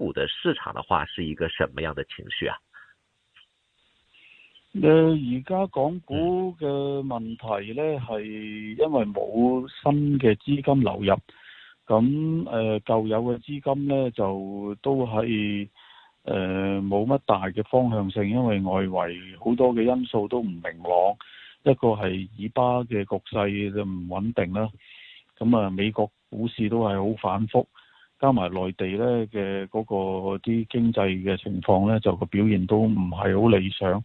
股的市場的話，是一個什麼樣的情緒啊？誒，而家港股嘅問題呢，係因為冇新嘅資金流入，咁誒舊有嘅資金呢，就都係誒冇乜大嘅方向性，因為外圍好多嘅因素都唔明朗，一個係以巴嘅局勢就唔穩定啦，咁啊美國股市都係好反覆。加埋內地咧嘅嗰個啲經濟嘅情況咧，就個表現都唔係好理想，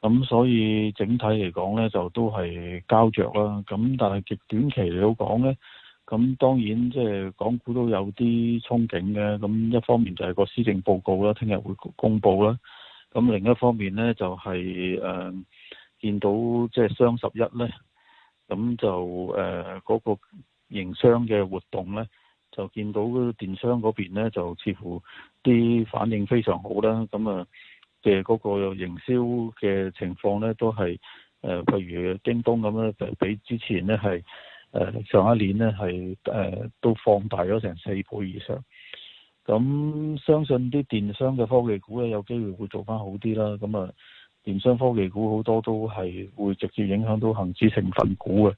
咁所以整體嚟講咧，就都係膠著啦。咁但係極短期嚟講咧，咁當然即係港股都有啲憧憬嘅。咁一方面就係個施政報告啦，聽日會公佈啦。咁另一方面咧，就係誒見到即係雙十一咧，咁就誒嗰個營商嘅活動咧。就見到嗰電商嗰邊呢，就似乎啲反應非常好啦。咁啊嘅嗰個營銷嘅情況呢，都係誒，譬、呃、如京東咁啦，就比之前呢係誒、呃、上一年呢係誒、呃、都放大咗成四倍以上。咁相信啲電商嘅科技股呢，有機會會做翻好啲啦。咁啊，電商科技股好多都係會直接影響到恆指成分股嘅。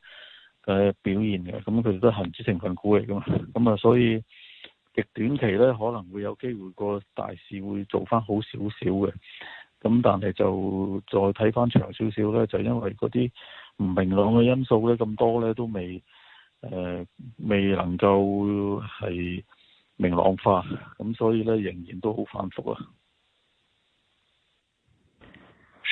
誒、呃、表現嘅，咁佢哋都係恆指成分股嚟噶嘛，咁、嗯、啊，所以極短期咧可能會有機會個大市會做翻好少少嘅，咁、嗯、但係就再睇翻長少少咧，就因為嗰啲唔明朗嘅因素咧咁多咧都未誒、呃、未能夠係明朗化，咁、嗯、所以咧仍然都好反覆啊。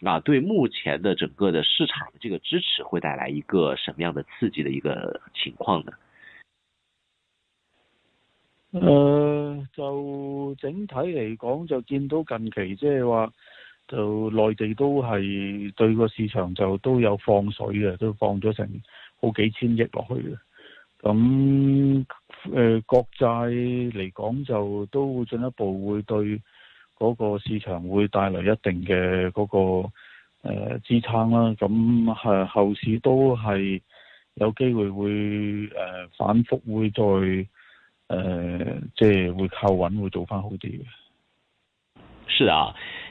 嗱，對目前的整個的市場的這個支持會帶來一個什麼樣的刺激的一個情況呢？誒、呃，就整體嚟講，就見到近期即係話，就內地都係對個市場就都有放水嘅，都放咗成好幾千億落去嘅。咁誒、呃，國債嚟講就都會進一步會對，嗰個市場會帶來一定嘅嗰、那個、呃、支撐啦、啊，咁誒後市都係有機會會誒、呃、反覆會再誒、呃、即係會靠穩，會做返好啲嘅。是啊。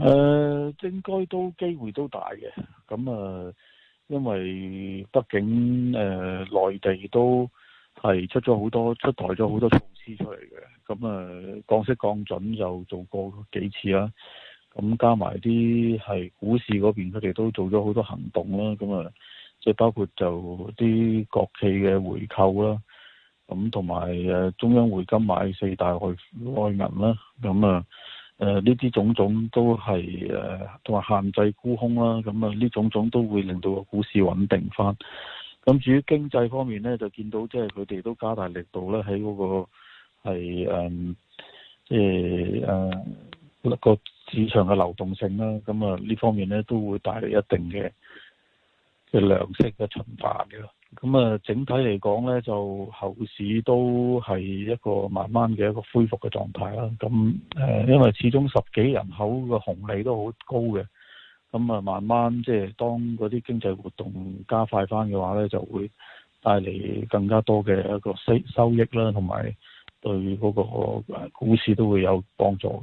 誒、呃，應該都機會都大嘅，咁、嗯、啊、嗯，因為畢竟誒、呃、內地都係出咗好多，出台咗好多措施出嚟嘅，咁、嗯、啊、嗯、降息降準又做過幾次啦、啊，咁、嗯、加埋啲係股市嗰邊，佢哋都做咗好多行動啦、啊，咁、嗯、啊，即包括就啲國企嘅回購啦、啊，咁同埋誒中央匯金買四大外銀啦，咁啊～、嗯嗯誒呢啲種種都係誒，同、呃、埋限制沽空啦。咁啊，呢、嗯、種種都會令到個股市穩定翻。咁、嗯、至於經濟方面咧，就見到即係佢哋都加大力度咧，喺嗰、那個係即係個市場嘅流動性啦。咁啊，呢、嗯、方面咧都會帶嚟一定嘅嘅糧食嘅循環嘅。咁啊，整體嚟講咧，就後市都係一個慢慢嘅一個恢復嘅狀態啦。咁誒，因為始終十幾人口嘅紅利都好高嘅，咁啊，慢慢即係當嗰啲經濟活動加快返嘅話咧，就會帶嚟更加多嘅一個收收益啦，同埋對嗰個股市都會有幫助嘅。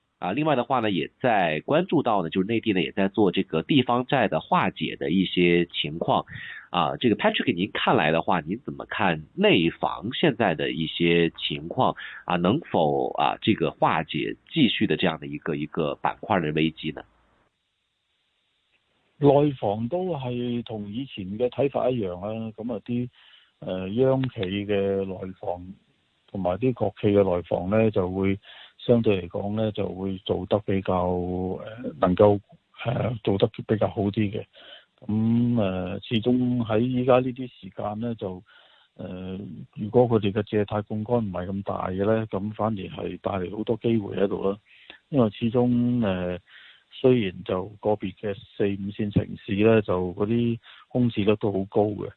啊，另外的話呢，也在關注到呢，就是內地呢也在做這個地方債的化解的一些情況。啊，這個 Patrick，您看來的話，您怎麼看內房現在的一些情況啊？能否啊這個化解繼續的這樣的一個一個板塊的危機呢？內房都係同以前嘅睇法一樣啊，咁啊啲誒央企嘅內房同埋啲國企嘅內房呢就會。相對嚟講呢，就會做得比較誒、呃，能夠誒、呃、做得比較好啲嘅。咁誒、呃，始終喺依家呢啲時間呢，就誒、呃，如果佢哋嘅借貸槓桿唔係咁大嘅呢，咁反而係帶嚟好多機會喺度啦。因為始終誒、呃，雖然就個別嘅四五線城市呢，就嗰啲空置率都好高嘅，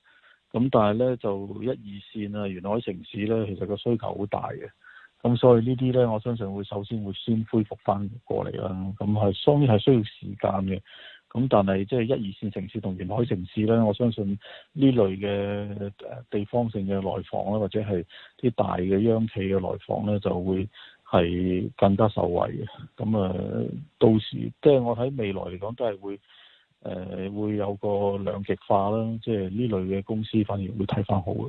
咁但係呢，就一二線啊，沿海城市呢，其實個需求好大嘅。咁所以呢啲咧，我相信會首先會先恢復翻過嚟啦。咁係當然係需要時間嘅。咁但係即係一、二線城市同沿海城市咧，我相信呢類嘅誒地方性嘅來訪呢，或者係啲大嘅央企嘅來訪咧，就會係更加受惠嘅。咁啊，到時即係、就是、我喺未來嚟講，都係會誒，會有個兩極化啦。即係呢類嘅公司反而會睇翻好嘅。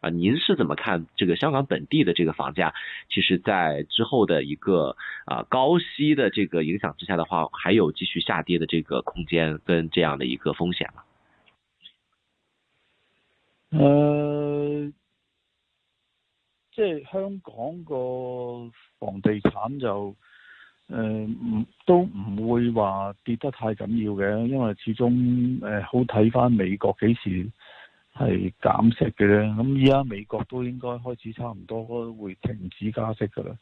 啊，您是怎麼看這個香港本地的這個房價？其實，在之後的一個啊高息的這個影響之下的話，還有繼續下跌的這個空間跟這樣的一個風險嗎、啊？呃即係、就是、香港個房地產就誒唔、呃、都唔會話跌得太緊要嘅，因為始終誒、呃、好睇翻美國幾時。係減息嘅咧，咁依家美國都應該開始差唔多會停止加息噶啦，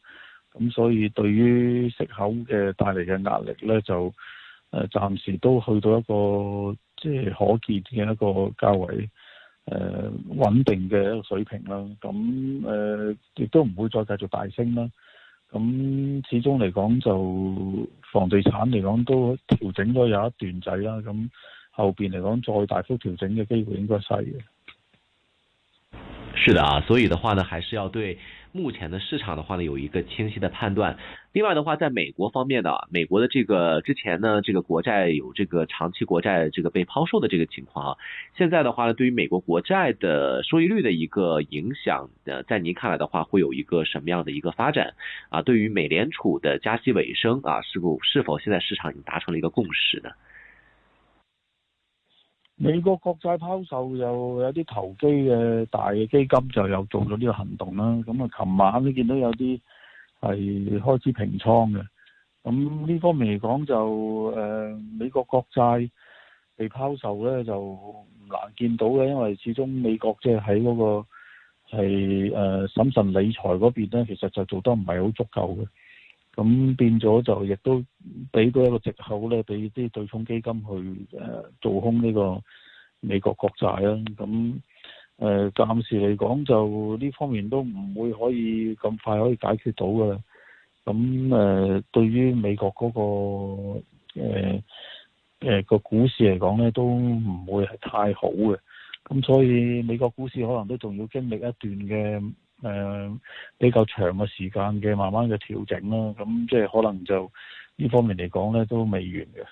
咁所以對於息口嘅帶嚟嘅壓力呢，就誒暫時都去到一個即係、就是、可見嘅一個較為誒穩定嘅一個水平啦，咁誒亦都唔會再繼續大升啦，咁始終嚟講就房地產嚟講都調整咗有一段仔啦，咁。後邊嚟講，再大幅調整的機會應該細是，是，是的啊，所以的話呢，還是要對目前的市場的話呢，有一個清晰的判斷。另外的話，在美國方面呢，啊，美國的這個之前呢，這個國債有這個長期國債這個被拋售的這個情況啊，現在的話呢，對於美國國債的收益率的一個影響，呃，在您看來的話，會有一個什麼樣的一個發展？啊，對於美聯儲的加息尾聲啊，是否是否現在市場已經達成了一個共識呢？美國國債拋售又有啲投機嘅大嘅基金就有做咗呢個行動啦，咁啊，琴晚都見到有啲係開始平倉嘅。咁呢方面嚟講就誒美國國債被拋售咧就唔難見到嘅，因為始終美國即係喺嗰個係誒審慎理財嗰邊咧，其實就做得唔係好足夠嘅。咁變咗就亦都俾到一個藉口咧，俾啲對沖基金去誒做空呢個美國國債啦。咁誒、呃、暫時嚟講就呢方面都唔會可以咁快可以解決到嘅。咁誒、呃、對於美國嗰、那個誒誒、呃呃、股市嚟講咧，都唔會係太好嘅。咁所以美國股市可能都仲要經歷一段嘅。誒、呃，比較長嘅時間嘅慢慢嘅調整啦、啊，咁即係可能就呢方面嚟講呢，都未完嘅。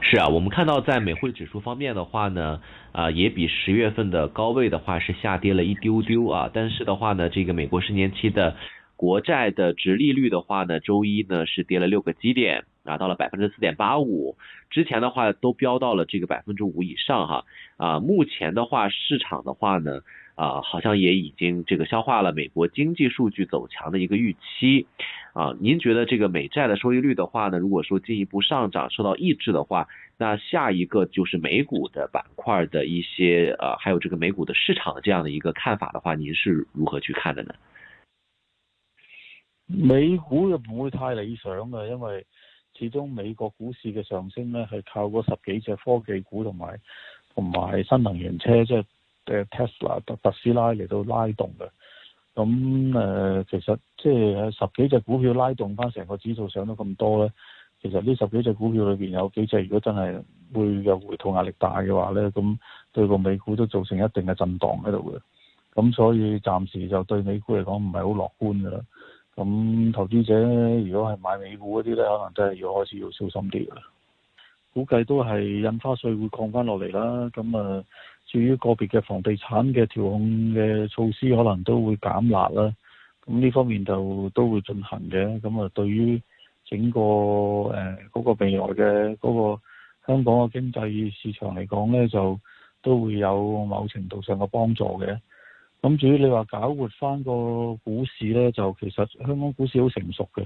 是啊，我們看到在美匯指數方面的話呢，啊，也比十月份嘅高位的話是下跌了一丟丟啊，但是的話呢，這個美國十年期的國債的殖利率的話呢，周一呢是跌了六個基點達、啊、到了百分之四點八五，之前的話都飆到了這個百分之五以上哈、啊，啊，目前的話市場的話呢。啊，好像也已經這個消化了美國經濟數據走強的一個預期，啊，您覺得這個美債的收益率的話呢，如果說進一步上漲受到抑制的話，那下一個就是美股的板塊的一些呃、啊，還有這個美股的市場的這樣的一個看法的話，您是如何去看的呢？美股又不會太理想嘅，因為始終美國股市嘅上升呢，係靠嗰十幾隻科技股同埋同埋新能源車即係。誒，Tesla 特特斯拉嚟到拉，拉動嘅，咁誒、呃，其實即係十幾隻股票拉動翻成個指數上到咁多咧，其實呢十幾隻股票裏邊有幾隻如果真係會有回吐壓力大嘅話咧，咁對個美股都造成一定嘅震盪喺度嘅，咁所以暫時就對美股嚟講唔係好樂觀噶啦，咁投資者如果係買美股嗰啲咧，可能真係要開始要小心啲噶啦，估計都係印花稅會降翻落嚟啦，咁啊。呃對於個別嘅房地產嘅調控嘅措施，可能都會減辣啦。咁呢方面就都會進行嘅。咁啊，對於整個誒嗰、呃那個、未來嘅嗰個香港嘅經濟市場嚟講呢就都會有某程度上嘅幫助嘅。咁至於你話搞活返個股市呢，就其實香港股市好成熟嘅。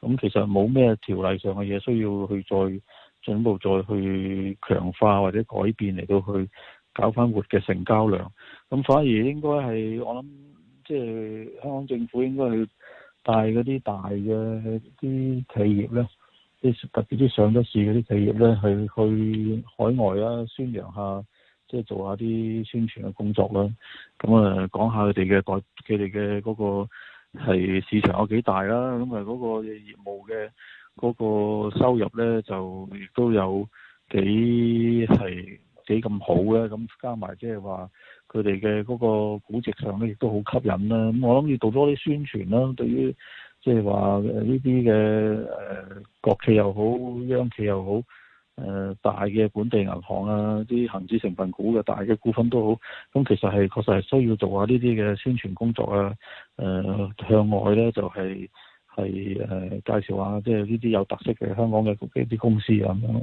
咁其實冇咩條例上嘅嘢需要去再進步再去強化或者改變嚟到去。搞翻活嘅成交量，咁反而應該係我諗、就是，即係香港政府應該去帶嗰啲大嘅啲企業咧，即係特別啲上咗市嗰啲企業咧，去去海外啊宣揚下，即、就、係、是、做下啲宣傳嘅工作啦。咁啊，講下佢哋嘅代，佢哋嘅嗰個市場有幾大啦。咁啊，嗰個業務嘅嗰個收入咧，就亦都有幾係。幾咁好嘅，咁加埋即係話佢哋嘅嗰個估值上咧，亦都好吸引啦。咁我諗要做多啲宣傳啦。對於即係話誒呢啲嘅誒國企又好，央企又好，誒、呃、大嘅本地銀行啊，啲恒指成分股嘅大嘅股份都好。咁其實係確實係需要做下呢啲嘅宣傳工作啊。誒、呃、向外咧就係係誒介紹一下，即係呢啲有特色嘅香港嘅嗰啲公司咁樣。